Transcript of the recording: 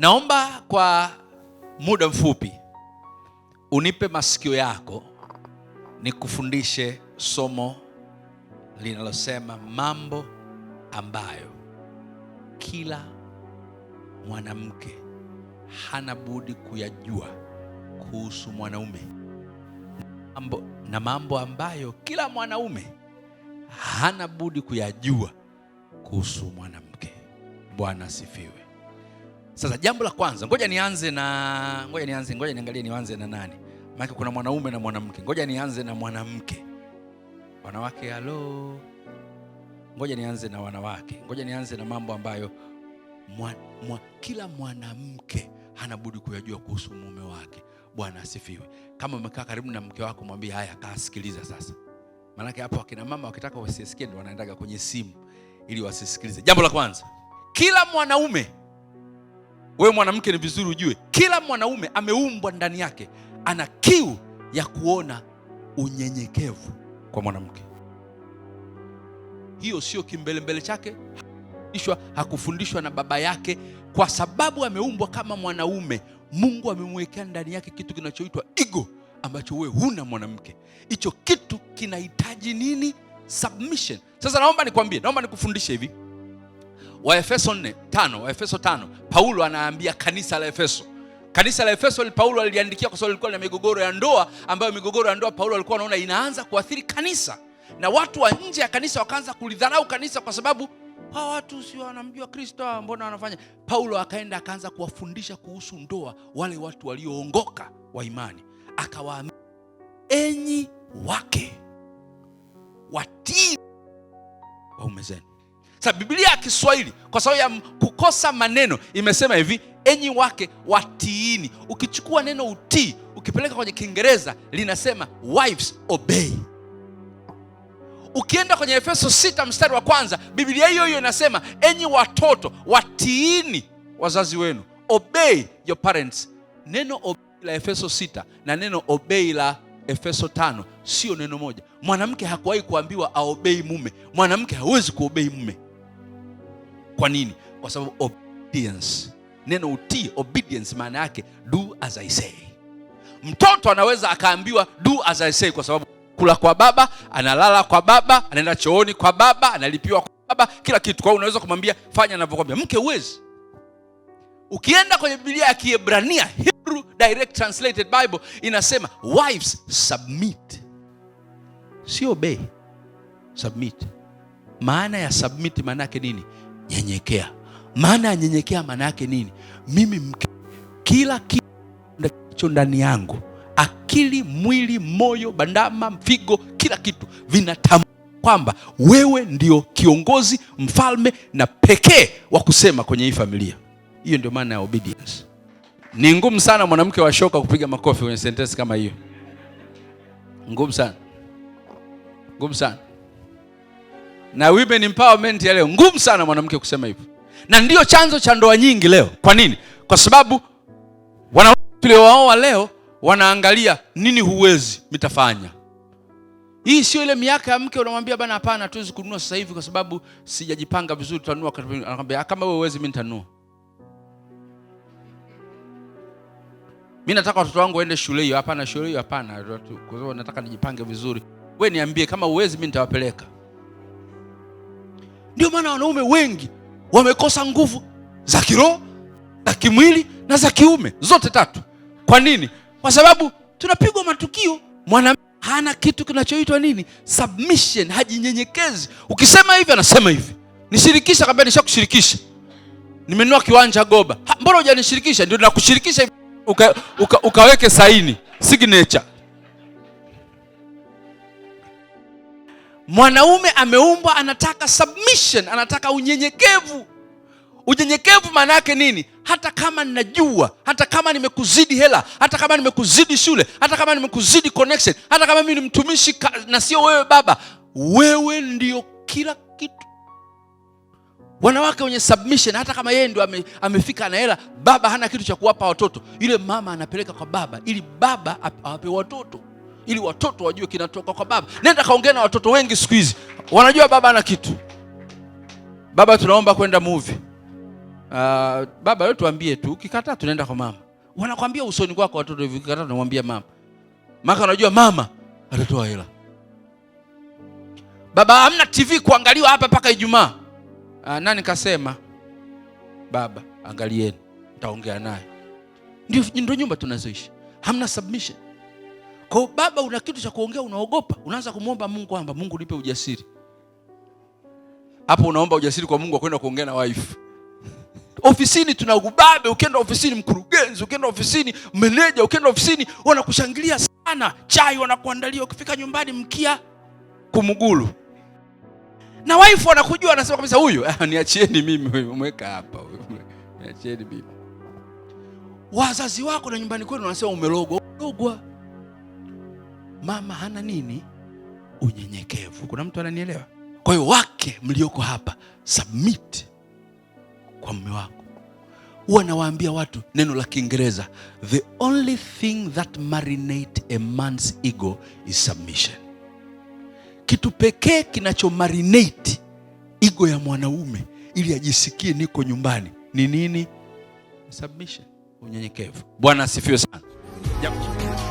Naomba kwa muda mfupi unipe masikio yako nikufundishe somo linalosema mambo ambayo kila mwanamke hana budi kuyajua kuhusu mwanaume mambo, na mambo ambayo kila mwanaume hana budi kuyajua kuhusu mwanamke. Bwana asifiwe. Sasa jambo la kwanza, ngoja nianze na ngoja nianze, ngoja niangalie nianze na nani, maana kuna mwanaume na mwanamke. Ngoja nianze na mwanamke. Wanawake halo, ngoja nianze na wanawake, ngoja nianze na mambo ambayo mwa, mwa, kila mwanamke hanabudi kuyajua kuhusu mume wake. Bwana asifiwe. Kama umekaa karibu na mke wako, mwambie haya, kaa sikiliza sasa, maanake hapo akina mama wakitaka wasisikie, ndio wanaendaga kwenye simu ili wasisikilize. Jambo la kwanza, kila mwanaume wewe mwanamke, ni vizuri ujue kila mwanaume ameumbwa ndani yake ana kiu ya kuona unyenyekevu kwa mwanamke. Hiyo sio kimbelembele chake, ishwa hakufundishwa na baba yake, kwa sababu ameumbwa kama mwanaume. Mungu amemwekea ndani yake kitu kinachoitwa ego ambacho wewe huna mwanamke. Hicho kitu kinahitaji nini? Submission. Sasa naomba nikwambie, naomba nikufundishe hivi Waefeso 4 tano, Waefeso tano, Paulo anaambia kanisa la Efeso kanisa la Efeso Paulo aliliandikia kwa sababu lilikuwa na migogoro ya ndoa, ambayo migogoro ya ndoa Paulo alikuwa anaona inaanza kuathiri kanisa, na watu wa nje ya kanisa wakaanza kulidharau kanisa kwa sababu hawa watu si wanamjua Kristo, mbona wanafanya? Paulo akaenda akaanza kuwafundisha kuhusu ndoa wale watu walioongoka wa imani, akawaambia enyi wake watii waume zenu sa Biblia ya Kiswahili kwa sababu ya kukosa maneno imesema hivi, enyi wake watiini. Ukichukua neno utii ukipeleka kwenye Kiingereza linasema wives obey. Ukienda kwenye Efeso 6 mstari wa kwanza, Biblia hiyo hiyo inasema enyi watoto watiini wazazi wenu, obey your parents. Neno obey la Efeso 6 na neno obey la Efeso tano sio neno moja. Mwanamke hakuwahi kuambiwa aobei mume. Mwanamke hawezi kuobei mume. Kwa nini? Kwa sababu obedience, neno utii, obedience maana yake do as I say. Mtoto anaweza akaambiwa do as I say kwa sababu kula kwa baba, analala kwa baba, anaenda chooni kwa baba, analipiwa kwa baba, kila kitu. Kwa hiyo unaweza kumwambia fanya anavyokwambia. Mke uwezi Ukienda kwenye Biblia ya Kiebrania, Hebrew Direct Translated Bible inasema wives submit, sio obey, submit. Maana ya submit maana yake nini? nyenyekea. Maana ya nyenyekea maana yake nini? Mimi mke, kila kitu kilicho ndani yangu, akili, mwili, moyo, bandama, mfigo, kila kitu vinatambua kwamba wewe ndio kiongozi, mfalme na pekee wa kusema kwenye hii familia. Hiyo ndio maana ya obedience. Ni ngumu sana mwanamke wa shoka kupiga makofi kwenye sentensi kama hiyo, ngumu sana, ngumu sana na women empowerment ya leo, ngumu sana mwanamke kusema hivyo, na ndiyo chanzo cha ndoa nyingi leo. Kwa nini? Kwa sababu wanawake tuliowaoa leo wanaangalia nini, huwezi mitafanya hii sio ile miaka ya mke unamwambia bana, hapana, tuwezi kununua sasa hivi kwa sababu sijajipanga vizuri, tutanua Anakwambia ah, kama wewe uwezi, mimi nitanua Mimi nataka watoto wangu waende shule hiyo. Hapana, shule hiyo hapana, kwa sababu nataka nijipange vizuri. Wewe niambie, kama uwezi, mimi nitawapeleka. Ndio maana wanaume wengi wamekosa nguvu za kiroho, za kimwili na za kiume, zote tatu. Kwa nini? Kwa sababu tunapigwa matukio, mwanamke hana kitu kinachoitwa nini? Submission, hajinyenyekezi. Ukisema hivi anasema hivi, nishirikisha. Kabla nishakushirikisha, nimenunua kiwanja Goba. Mbona hujanishirikisha? Ndio nakushirikisha hivi, uka, uka, ukaweke saini signature Mwanaume ameumbwa anataka submission, anataka unyenyekevu. Unyenyekevu maana yake nini? Hata kama ninajua, hata kama nimekuzidi hela, hata kama nimekuzidi shule, hata kama nimekuzidi connection, hata kama mimi ni mtumishi na sio wewe baba, wewe ndio kila kitu. Wanawake wenye submission, hata kama yeye ndio ame, amefika na hela, baba hana kitu cha kuwapa watoto, yule mama anapeleka kwa baba ili baba awape watoto ili watoto wajue kinatoka kwa baba. Nenda kaongea na watoto wengi siku hizi, wanajua baba ana kitu. Baba, tunaomba kwenda movie. Uh, baba wewe tuambie tu, ukikataa tunaenda kwa mama. Wanakwambia usoni kwako watoto hivi, ukikataa tunamwambia mama, maka anajua mama atatoa hela. Baba, hamna TV kuangaliwa hapa mpaka Ijumaa. Uh, nani kasema? Baba, angalieni, nitaongea naye. Ndio, ndio nyumba tunazoishi, hamna submission. Kwa baba, una kitu cha kuongea, unaogopa, unaanza kumwomba Mungu kwamba Mungu nipe ujasiri. Hapo unaomba ujasiri kwa Mungu akwenda kuongea na wife. Ofisini tuna ubabe, ukienda ofisini mkurugenzi, ukienda ofisini meneja, ukienda ofisini wanakushangilia sana, chai wanakuandalia, ukifika nyumbani mkia kumgulu na wife wanakujua, anasema kabisa huyu ah, niachieni mimi, huyu mweka hapa, niachieni mimi. Wazazi wako na nyumbani kwenu wanasema umelogwa, umelogwa mama hana nini? Unyenyekevu. Kuna mtu ananielewa? Kwa hiyo wake mlioko hapa, submit kwa mume wako. Huwa nawaambia watu neno la Kiingereza, the only thing that marinate a man's ego is submission. Kitu pekee marinate ego ya mwanaume ili ajisikie niko nyumbani ni nini? Submission, unyenyekevu. Bwana asifiwe sana.